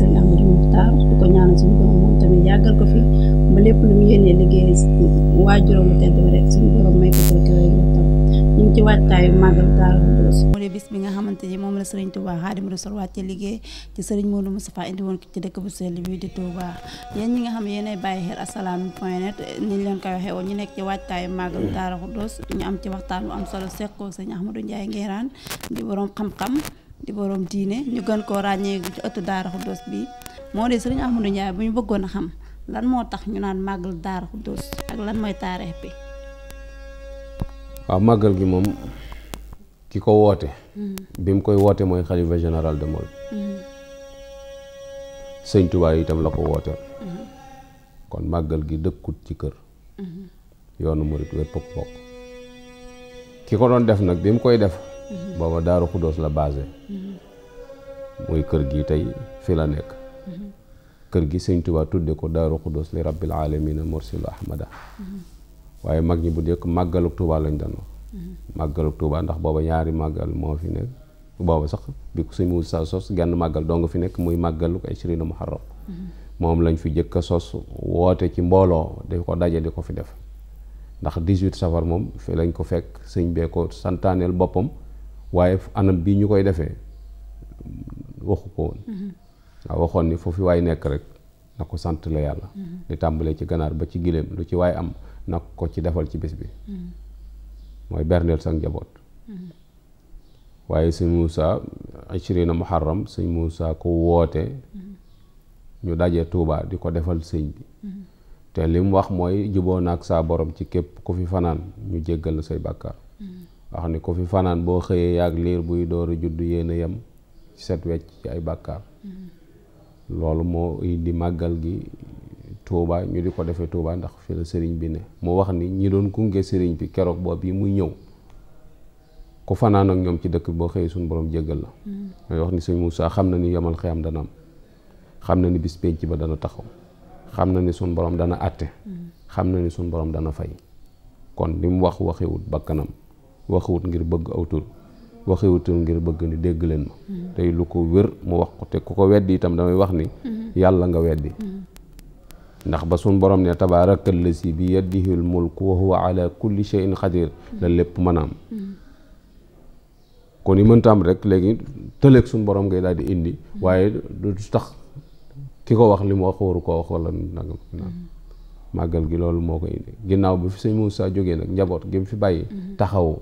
sëñ Ahmadou Moukhtar di ko ñaanal suñu borom moom tamit yàggal ko mu yéenee liggéey waajuram ñu bis bi nga xamante ni moom la sëriñ Touba Xaadim Rasuul wàcce liggéey ci sëriñ Modou Moustapha indi woon ci dëkk bu sell bi di Touba yéen ñi nga xam ne yéenay bàyyi xel asalaami point leen koy waxee woon ñu nekk ci waajtaayu màggal Daaru Xudoos ñu am ci waxtaan bu am solo seq ko sëñ du Ndiaye ngeeraan di borom xam-xam di borom diine ñu gën koo ràññee ci ëttu Daara Xuddoos bi moo de Sëriñ Ahmadou Ndiaye bu ñu bëggoon a xam lan moo tax ñu naan màggal Daara Xuddoos ak lan mooy taarix bi. waaw màggal gi moom ki ko woote. Hmm. bi mu koy woote mooy xalifa général de Mawal. Hmm. sëñ Tuubaa itam la ko wooteel. Hmm. kon màggal gi dëkkut ci kër. yoonu murit wépp bokk ki ko doon def nag bi mu koy def. Mhm. booba daaru xuddoos la baase mhm. mooy kër gi tey fi la nekk mhm. kër gi sëñ Tuubaa tudde ko daaru xuddoos li rabbil alamina mursilu ahmada waaye mag ñi bu njëkk màggaluk Tuubaa lañ daan wax màggaluk Tuubaa ndax booba ñaari màggal moo fi nekk booba sax bi ko sëñ Muusaa sos genn màggal doo nga fi nekk muy màggaluk ishrina muharram moom lañ fi jëkk a sos woote ci mbooloo di ko daje di ko fi def ndax 18 safar moom fi lañ ko fekk sëñ bee ko santaaneel boppam waaye anam bii ñu koy defee waxu ko woon mm-hmm. waaw waxoon ni foofu waay nekk rek na ko sant la yàlla mm-hmm. di tàmbalee ci ganaar ba ci giléem lu ci waay am nag ko ci defal ci bis bi mm-hmm. mooy berndeel sa njaboot waaye sëñ Moussa Achirina Muharram sëñ Moussa ko woote ñu daje tuubaa di ko defal sëñ bi te li mu wax mooy juboo naag saa borom ci képp ku fi fanaan ñu jéggal la say bàkkaar wax ni ku fi fanaan boo xëyee ak liir buy door a judd yéen a yem ci set wecc ci ay bàkkaar mm-hmm. loolu moo di màggal gi Touba ñu di ko defee Touba ndax fi la sëriñ bi ne mu wax ni ñi doon gunge sëriñ bi keroog boob yi muy ñëw ku fanaan ak ñoom ci dëkk boo xëyee suñu boroom jéggal la mooy mm-hmm. wax ni sëñ Moussa xam na ni yomal xiyam dana am xam na ni bis penc ba dana taxaw xam na ni suñu borom dana àtte mm-hmm. xam na ni suñu borom dana fay kon li mu wax waxiwut bakkanam waxewut ngir bëgg aw waxewutul ngir bëgg ni dégg leen ma mm-hmm. tey lu ko wér mu wax ko te ku ko weddi itam damay wax ni mm-hmm. yàlla nga weddi mm-hmm. ndax ba suñ borom ne tabaaraka lazi bi yadihil mulk wa huwa ala kulli shay'in xadir la lépp manaam kon yi mënta am rek léegi tëleeg suñ borom ngay daal di indi waaye du tax ki ko wax li mu wax waru koo wax wala màggal gi loolu moo ko indi ginnaaw bi fi sëñ Moussa jóge nag njaboot gi mu fi bàyyi taxawu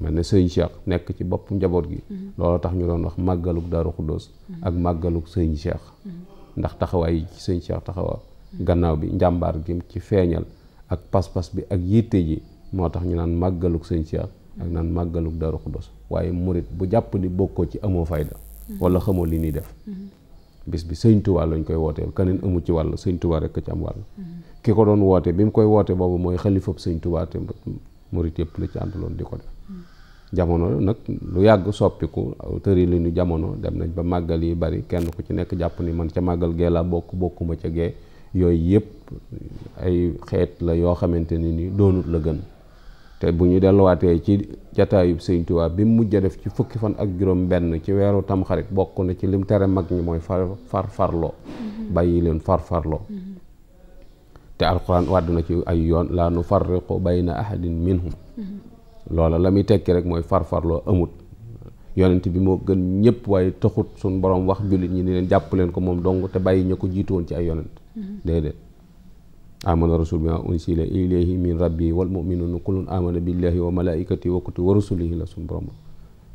mel ne sëñ Cheikh nekk ci bopp njaboot gi mhm. loolu tax ñu doon wax màggaluk Daaru Xuddoos mhm. ak màggaluk sëñ Cheikh mhm. ndax taxawaay yi ci sëñ Cheikh taxawaa gannaaw bi njàmbaar gi ci feeñal ak pas-pas bi ak yitte ji moo tax ñu naan màggaluk sëñ Cheikh ak naan màggaluk dara Xuddoos waaye murit bu jàpp ni bokkoo ci amoo fayda wala xamoo li ñuy def bis bi sëñ Tuubaa lañ koy wooteel keneen amu ci wàll sëñ Tuubaa rekk ci am wàll ki ko doon woote bi mu koy woote boobu mooy xalifab sëñ Tuubaa murit yëpp la ci lool di ko def jamono nag lu yàgg soppiku tëri li ñu jamono dem nañ ba màggal yi bari kenn ku ci nekk jàpp ni man ca màggal gee laa bokk bokkuma ca gee yooyu yëpp ay xeet la yoo xamante ni ni doonut la gën te bu ñu delluwaatee ci jataayub Sëñ Tuubaa bi mu mujj def ci fukki fan ak juróom benn ci weeru tamxarit bokk na ci lim tere mag ñi mooy far far farloo mm-hmm. bàyyi leen farfarloo mm-hmm. te alquran wàddu na ci ay yoon laa nu farriqu bayna ahadin minhum mm-hmm. loola la muy tekki rek mooy farfarloo amut yonent bi moo gën ñëpp waaye taxut suñu borom wax jullit ñi ni leen jàpp leen ko moom dong te bàyyi ñu ko jiitoon ci ay yonent mm-hmm. déedéet amana rasul bi ma unsila ilayhi min rabbi wal mu'minuna kullun amana billahi wa malaikati wa kutubi wa rusulihi la suñu borom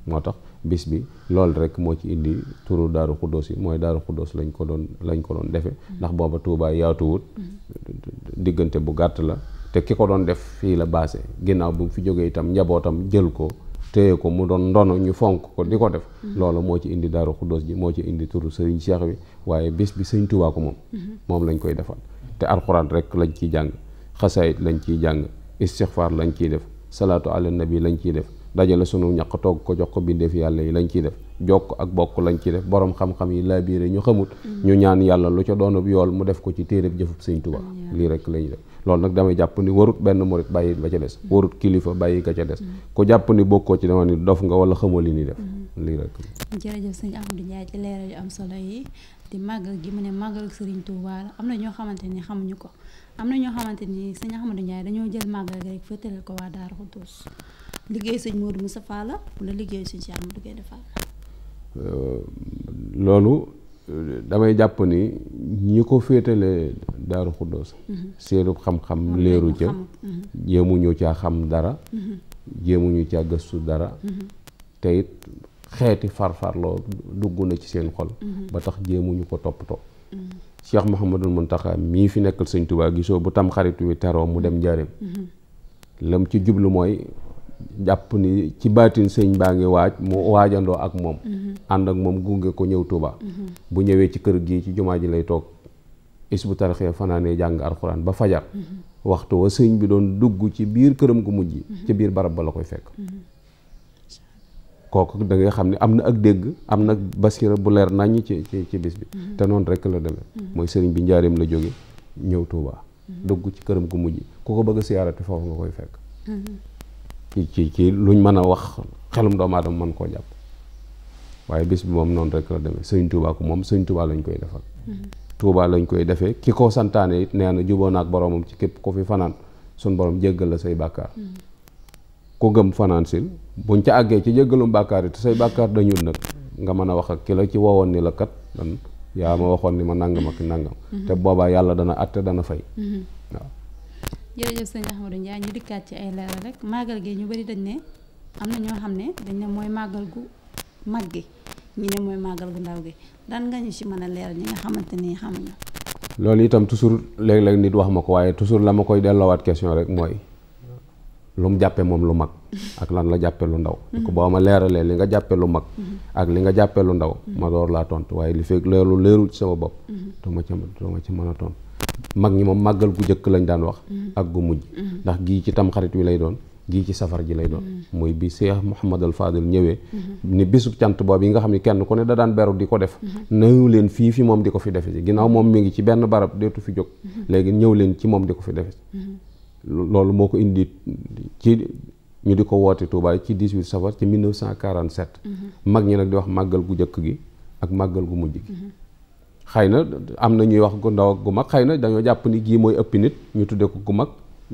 moo tax bis bi loolu rek moo ci indi turu daaru xuddoos yi mooy daaru xuddoos lañ ko doon lañ ko doon defe mm. ndax booba Touba yaatuwut mm. diggante bu gàtt la te ki ko doon def fii la baase ginnaaw bu mu fi jógee itam njabootam jël ko téye ko mu doon ndono ñu fonk ko di ko def mm. loolu moo ci indi daaru xuddoos ji moo ci indi turu sëriñ Cheikh bi waaye bis bi sëñ Touba ko moom mm-hmm. moom lañ koy defal te alxuraan rek lañ ciy jàng xasaayit lañ ciy jàng istixfaar lañ ciy def salaatu ala nabi lañ ciy def dajale sunu ñaq toog ko jox ko bindeef yàlla yi lañ ciy def jokk ak bokk lañ ciy def borom xam-xam yi laa biire ñu xamut ñu ñaan yàlla lu ca doonub yool mu def ko ci téeréb jëfub sëñ Tuubaa lii rek lañuy def loolu nag damay jàpp ni warut benn ba ca des mm. warut kilifa bàyyi ga ca des mm. ku jàpp ni bokkoo ci dama ni dof nga wala xamoo li ni def mm. lii rek jërëjëf sëñ Ahmadou Ndiaye ci leeral yu am solo yi di màggal gi mu ne màggal sëriñ Tuubaa la am ni xamuñu ko am na ñoo xamante ni sëñ Ahmadou Ndiaye dañoo jël màggal gi rek féetale ko waa Daaru Xudoos liggéey sëñ Modou Moustapha la wala liggéey sëñ Cheikh Amadou Gaïndé Fatma. Euh, loolu euh, damay jàpp ni ñi ko féetale Daaru Xuddoos. Mhm. seenu xam-xam leeru ca. Mhm. jéemuñu caa xam dara. Mhm. jéemuñu caa gëstu dara. te it xeeti farfarloo dugg na ci seen xol. ba tax jéemuñu ko toppatoo. Cheikh Mouhamadul Mountakha mii fi nekkal sëñ Tuubaa gisoo bu tam xarit wi teroo mu dem njaareem. lam ci jublu mooy. jàpp ni ci baatin sëñ baa ngi waaj mu waajandoo ak moom mm-hmm. ànd ak moom gunge ko ñëw Tuuba mm-hmm. bu ñëwee ci kër gi ci jumaa ji lay toog isbu tarixee fanaanee jàng alxuraan ba fajar mm-hmm. waxtu wa sëñ bi doon dugg ci biir këram gu mujj ci biir barab ba la koy fekk kooku dangay xam ne am na ak dégg am na basira bu leer naññ ci ci bis bi te noonu rekk la demee mooy sëriñ bi njaareem la jóge ñëw Tuuba dugg ci këram gu mujj ku ko bëgg a siyaarati foofu nga koy fekk ci ci lu ñu mën a wax xelum doomu aadama mën koo jàpp waaye bis bi moom noonu rekk la demee sëñ Touba moom sëñ Touba lañ koy defal. Mm-hmm. Touba lañ koy defee ki ko santaane it nee na juboo naag boromam ci képp ko fi fanaan suñ boroom jéggal la say bàkkaar. Mm-hmm. ku gëm fanaan si buñ ca àggee ci jéggalum bàkkaar yi te say bàkkaar dañul nag nga mën a wax ak ki la ci wowoon ni la kat dan ma waxoon ni ma nangam ak nangam. Mm-hmm. te boobaa yàlla dana àtte dana fay jërëjëf sëñ Ahmadou Ndiaye ñu dikkaat ci ay leeral rek màggal gi ñu bari dañ ne am na ñoo xam ne dañ ne mooy màggal gu mag gi ñi ne mooy màggal gu ndaw gi daan nga ñu ci mën a leeral ñi nga xamante ni xamuñu. loolu itam toujours léeg-léeg nit wax ma ko waaye toujours la ma koy delloowaat question rek mooy lu mu jàppee moom lu mag ak lan la jàppee lu ndaw. ko boo ma leeralee li nga jàppee lu mag. ak li nga jàppee lu ndaw. ma door laa tontu waaye li fekk leerul leerul ci sama bopp. dama ca dama ca mag ñi moom màggal gu njëkk lañ daan wax mm-hmm. ak gu mujj mm-hmm. ndax gii ci tamxarit wi lay doon gii ci safar ji lay doon mm-hmm. mooy bi Cheikh Mouhamadal Fadil ñëwee ni bisub cant boobu yi nga xam ne kenn ku ne da daan beru di ko def nañu leen fii fi moom di ko fi defe si ginnaaw moom mi ngi ci benn barab deetu fi jóg léegi ñëw leen ci moom di ko fi defe loolu moo ko indi ci ñu di ko wootee Touba ci 18 safar ci 1947 mag ñi nag di wax màggal gu njëkk gi ak màggal gu mujj xëy na am na ñuy wax gu ndaw gu mag xëy na dañoo jàpp ni gii mooy ëppi nit ñu tuddee ko gu mag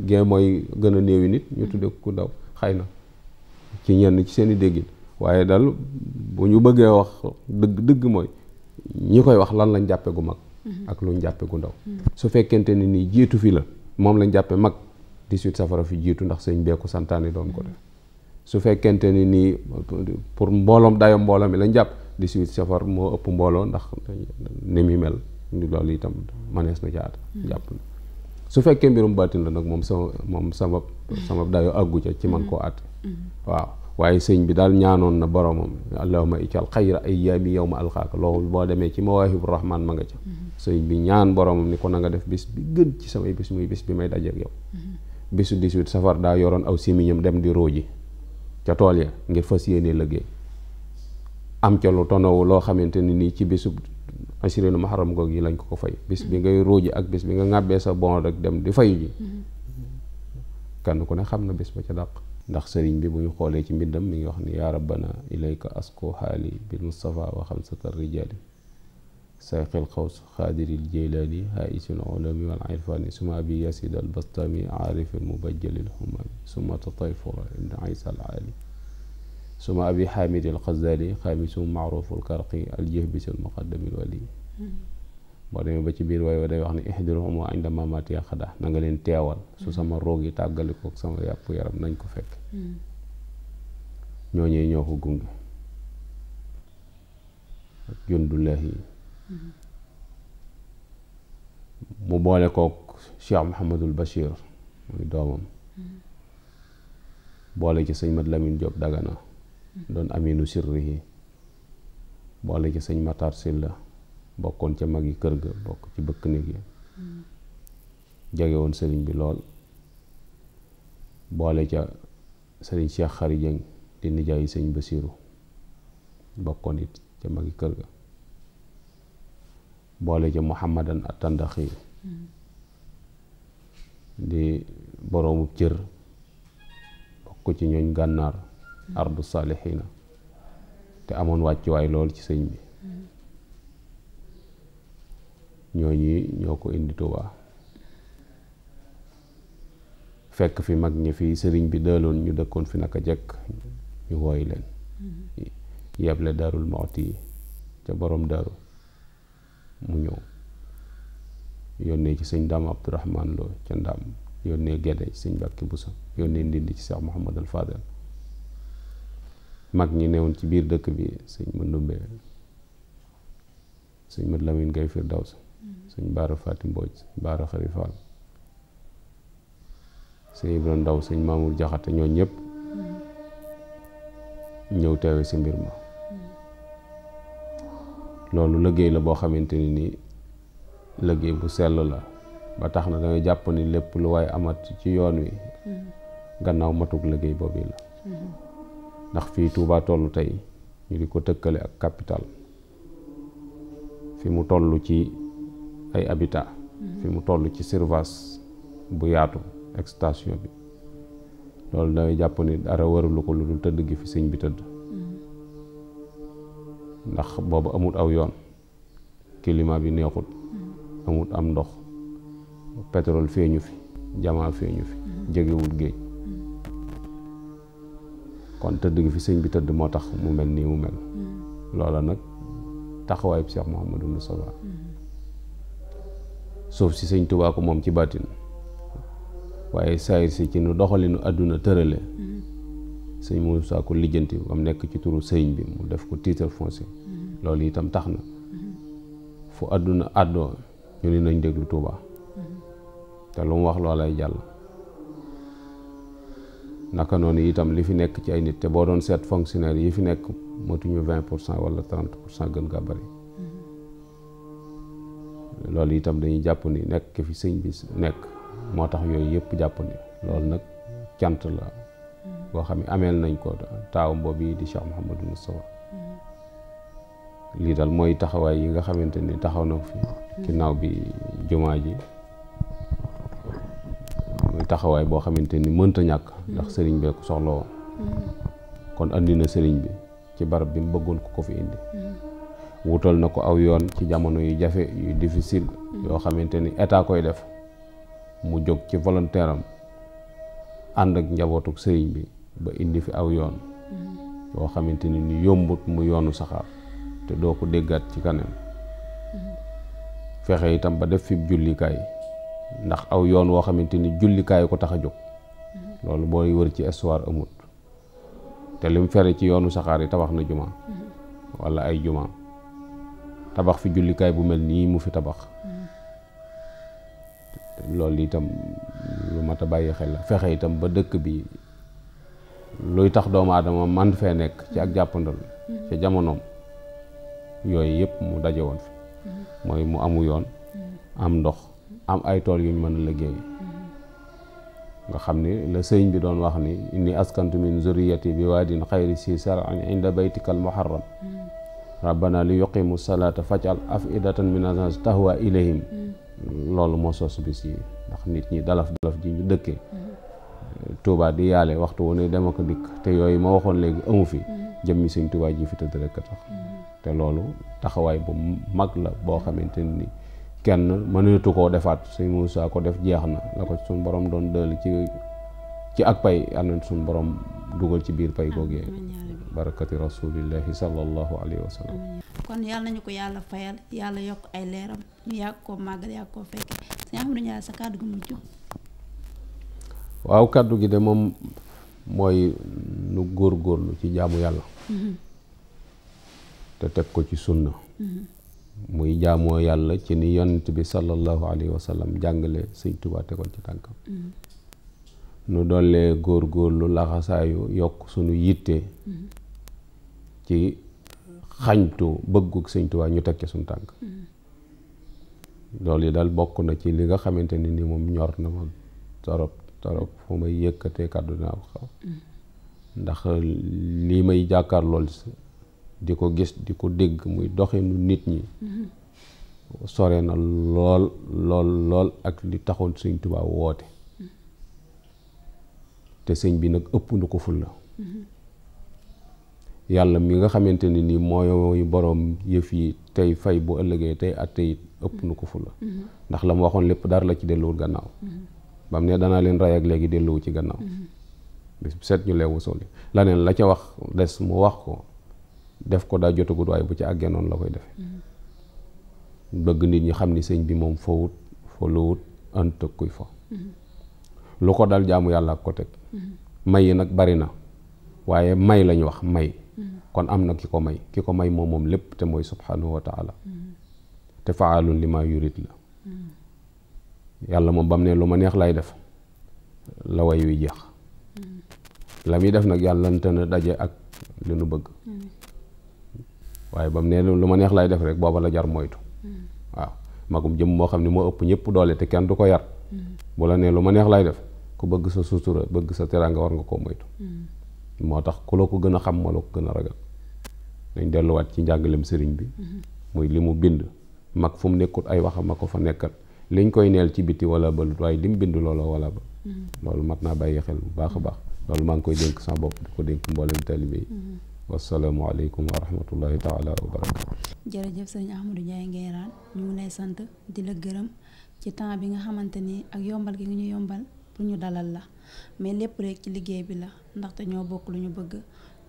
gee mooy gën a néewi nit ñu tuddee ko gu ndaw xëy na ci ñenn ci seen i déggin waaye dal bu ñu bëggee wax dëgg dëgg mooy ñi koy wax lan lañ jàppe gu mag mm-hmm. ak luñ jàppe gu ndaw mm-hmm. su fekkente ni nii jiitu fi la moom lañ jàppe mag 18 safara fi jiitu ndax sëñ bee ko santaane ko def mm-hmm. su fekkente ni nii pour mbooloom dayo mbooloom mi lañ jàpp 18 safar moo ëpp mbooloo ndax ni muy mel loolu itam manees na caat jàpp su fekkee mbirum baatin la nag moom sama moom sama sama dayo àggu ca ci man koo at waaw waaye sëñ bi daal ñaanoon na boromam ma ical xayra ayyaami yow ma alxaaka loolu boo demee ci mawaahibu rahmaan ma nga ca sëñ bi ñaan boromam ni ko na nga def bis bi gën ci samay bis muy bis bi may dajeek yow bisu 18 safar daa yoroon aw simiñam dem di róoji ca tool ya ngir fas yéenee liggéey am ca lu tonowu loo xamante ni nii ci bésub asirinu maharam goog yi lañ ko ko fay bis bi ngay róoji ak bis bi nga ŋàbbee sa bon rek dem di fayu ji kenn ku ne xam na bis ba ca dàq ndax sëriñ bi bu ñu xoolee ci mbindam mi ngi wax ni yaa rabbana ilayka asko xaali bil mustafa wa xamsata rijali sayqil xaws xaadiril jeylaani haisul ulami al bastami al mubajjali al humami suma tatayfura ibn isa al aali suma abi xaamid al xazali xaamisum maaruful karqi al jihbis al muqaddam al wali boo demee ba ci biir waaye day wax ne ihdiruhum wa inda mamati xada na nga leen teewal su sama roog yi tàggalikoo ak sama yàpp yaram nañ ko fekk ñooñee ñoo ko gunge ak jundullahi yi mu boole kook Cheikh Mouhamadul Bachir muy doomam boole ci sëñ Mat Lamine Diop Dagana doon aminu sirrihi boole ci sëñ Matar la bokkoon ca mag yi kër ga bokk ci bëkk néeg yi mm. sëriñ bi lool boole ca sëriñ Cheikh Khary Dieng di nijaayu sëñ Basiru bokkoon it ca mag yi kër ga boole ca Muhammadan Attandaxi mm. di boroomub cër bokk ci ñooñ gànnaar ardu saalixiina te amoon wàccuwaay lool ci sëñ bi ñooñi ñoo ko indi Tuubaa fekk fi mag ñi fi sëriñ bi dëloon ñu dëkkoon fi naka jekk ñu woy leen yeble darul moxti ca boroom daru mu ñëw ne ci sëñ Daam Abdurahmaan Lo ca Ndaam yónnee Gede ci sëñ Bàkki Busa yónnee Ndindi ci Seex Muhammadal Faadal mag ñi newoon ci biir dëkk bi sëñ Mandumbe sëñ Mat Lamin Gay Firdaws sëñ Baara Fatim Mbooj sëñ Baara Xari Fall sëñ Ibra Ndaw sëñ Mamour Jaxate ñoo ñëpp ñëw teewe si mbir ma loolu liggéey la boo xamante ni nii liggéey bu sell la ba tax na dangay jàpp ni lépp lu waaye amat ci yoon wi gannaaw matuk liggéey boobu la ndax fii tuuba tollu tey ñu di ko tëkkale ak capital fi mu tollu ci ay habitat fi mu tollu ci surface bu yaatu ak bi loolu dangay jàpp ni dara warulu ko lu dul tëdd gi fi sëñ bi tëdd ndax boobu amut aw yoon climat bi neexut amut am ndox pétrole feeñu fi jamaa feeñu fi jegewul géej kon tëdd gi fi sëñ bi tëdd moo tax mu mel nii mu mel mm-hmm. loola nag taxawaayu Cheikh Mouhamadou Moustapha mm-hmm. suuf si sëñ Tuubaa ko moom ci bàttin waaye saayir si ci nu doxalinu àdduna tërale mm-hmm. sëñ Moussa ko lijjanti ba mu nekk ci turu sëñ bi mu def ko titre foncier loolu itam tax na fu àdduna àddoo ñu ni nañ déglu Tuubaa te lu mu wax loolay jàll naka noonu itam li fi nekk ci ay nit te boo doon seet fonctionnaire yi fi nekk motuñu vingt pour cent wala trente pour cent gën gaa mm-hmm. loolu itam dañuy jàpp ni nekk fi sëñ bi nekk moo tax yooyu yëpp jàpp ni loolu nag cant la mm-hmm. boo xam ne ameel nañ ko taaw yi di Cheikh Mouhamadou Moustapha mm-hmm. lii daal mooy taxawaay yi nga xamante ni taxaw na ko fi ginnaaw bi jumaa ji taxawaay boo xamante ni mënta ñàkk mm-hmm. ndax sëriñ bee ko soxla woon mm-hmm. kon andi na sëriñ bi ci barab bi mu bëggoon ko ko fi indi mm-hmm. wutal na ko aw yoon ci jamono yu jafe yu difficile yoo xamante ni état koy def mu jóg ci volontaire am ànd ak njabootuk sëriñ bi ba indi fi aw yoon yoo xamante ni ni yombut mu yoonu saxaar te doo ko déggaat ci kanam fexe itam ba def fi jullikaay ndax aw yoon woo xamante ni jullikaayu ko tax a jóg loolu booy wër ci histoire amut te lim fere ci yoonu saxaar yi tabax na juma walla ay juma tabax fi jullikaay bu mel nii mu fi tabax loolu itam lu mat a bàyyi xel la fexe itam ba dëkk bi luy tax doomu aadama man fee nekk ci ak jàppandal ca jamonoom yooyu yëpp mu daje woon fi mooy mu amu yoon am ndox am ay tool yuñ mën a liggéey nga xam ni la sëñ bi doon wax ni indi askantu min zuriyati bi waadin xayri si saran inda baytikal muharram rabbana li yuqimu salaata fajal afidatan min annas tahwa ilayhim loolu moo sos bis yi ndax nit ñi dalaf dalaf ji ñu dëkkee Touba di yaale waxtu wu ne dama ko dikk te yooyu ma waxoon léegi amu fi jëmmi sëñ Touba ji fi tëdd rek tax mm-hmm. te loolu taxawaay bu mag la boo xamante ni kenn mënatu koo defaat sëñ Moussa ko def jeex na la ko suñ borom doon dëll ci ci ak pay yàlla na suñ borom dugal ci biir pay googee barakati rasulillahi sallallahu alayhi wa sallam kon ko yàlla fayal yàlla yokk ay leeram ñu yàgg koo màggal yàgg sa kàddu gi mujj waaw kàddu gi de moom mooy nu góorgóorlu ci jaamu yàlla mm-hmm. te teg ko ci sunna mm-hmm. muy jaamoo yàlla ci ni yonent bi sallallahu alayhi wa sallam jàngale sëñ Tuubaa tegoon ci tànkam mm-hmm. nu dollee góor góorlu laxasaayu yokk sunu yitte mm-hmm. ci xañtu bëggu sëñ Tuubaa ñu teg ci suñu tànk mm-hmm. loolu yi daal bokk na ci li nga xamante ni ni moom ñor na ma torop torop fu may yëkkatee kàddu naa ko xaw ndax lii may jàkkaar lool di ko gis di ko dégg muy doxinu nit ñi sore na lool lool lool ak li taxoon sëñ Tuubaa woote te sëñ bi nag ëpp na ko fulla yàlla mi nga xamante ne ni mooy boroom yëf yi tey fay bu ëllëgee tey at tey ëpp nu ko fulla ndax la mu waxoon lépp dara la ci delluwul gannaaw ba ne danaa leen rey ak léegi delluwu ci gannaaw bis bu set ñu leewu soli la neen la ca wax des mu wax ko def ko daa jotagut waaye bu ci àggee noonu la koy defee bëgg nit ñi xam ni sëñ bi moom fowut folowut ant kuy fo lu ko dal jaamu yàlla ak ko teg may yi nag bari na waaye may lañu wax may kon am na ki ko may ki ko may moom moom lépp te mooy subhanahu wa taala te faalun li ma yurit la yàlla moom ba mu ne lu ma neex lay def la way wi jeex la muy def nag yàlla nte na daje ak li nu bëgg waaye ba mu ne lu ma neex lay def rek booba la jar moytu hmm. waaw magum jëm moo xam ne moo ëpp ñëpp doole te kenn du ko yar hmm. bu la nee lu ma neex laay def ku bëgg sa sutura bëgg sa teraanga war nga koo moytu hmm. moo tax ku la ko gën a xam moo la ko gën a ragal dañ delluwaat ci njàngalem sëriñ bi muy li mu bind mag fu mu nekkut ay waxam a ko fa nekkal liñ koy neel ci bitti wala balut waaye li mu bind loola wala ba loolu mag naa bàyyi xel bu baax a baax loolu maa ngi koy dénk sa bopp di ko dénk wasalaamualeykum wa rahmatullahi taala wa barakatu jërëjëf sëriñ Ahmadou Ndiaye Nguérane ñu ngi lay sant di la gërëm ci temps bi nga xamante ni ak yombal gi nga ñu yombal pour ñu dalal la mais lépp rek ci liggéey bi la ndaxte ñoo bokk lu ñu bëgg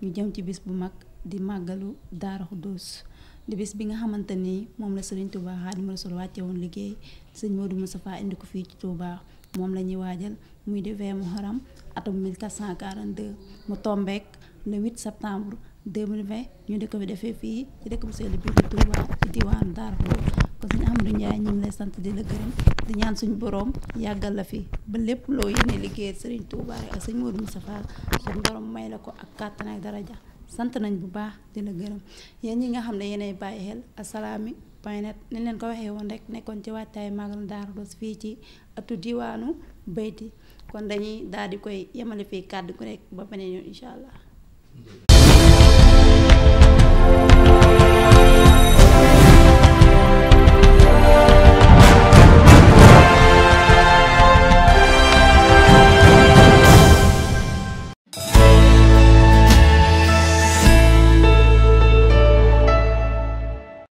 ñu jëm ci bis bu mag di màggalu Daaru Xudoos di bis bi nga xamante ni moom la sëriñ Touba Xaadimu Rasul wàcce woon liggéey sëñ Modou Moustapha indi ko fii ci Touba moom la ñuy waajal muy di vingt Muharram atum 1442 mu tombeek le 8 septembre 2020 ñu di ko defee fii ci dëkk bu sell bi di Touba ci diwaanu Darou Khoudoss kon sëñ Amadou Ndiaye ñu ngi lay sant di la gërëm di ñaan suñu boroom yàggal la fi ba lépp loo yéene liggéeyal sëriñ Touba ak sëñ Modou Moustapha suñu boroom may la ko ak kàttan ak daraja sant nañ bu baax di la gërëm yéen ñi nga xam ne yéenay bàyyi xel asalaami point net ni leen ko waxee woon rek nekkoon ci waajtaay Magal daar Khoudoss fii ci atu diwaanu Béyti kon dañuy daal di koy yemale kàddu gu nekk ba beneen yoon allah.